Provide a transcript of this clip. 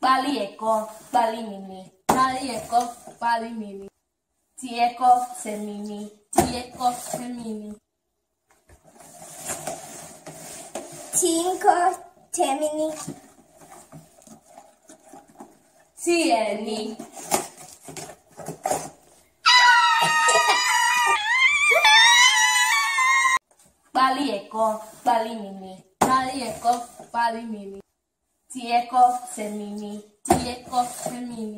Bali eco bali mimi. Bali eko, bali mimi. Ti semini, se mimi. Ti eco Cinco, Bali eco, bali Tieko semimi, tieko semimi.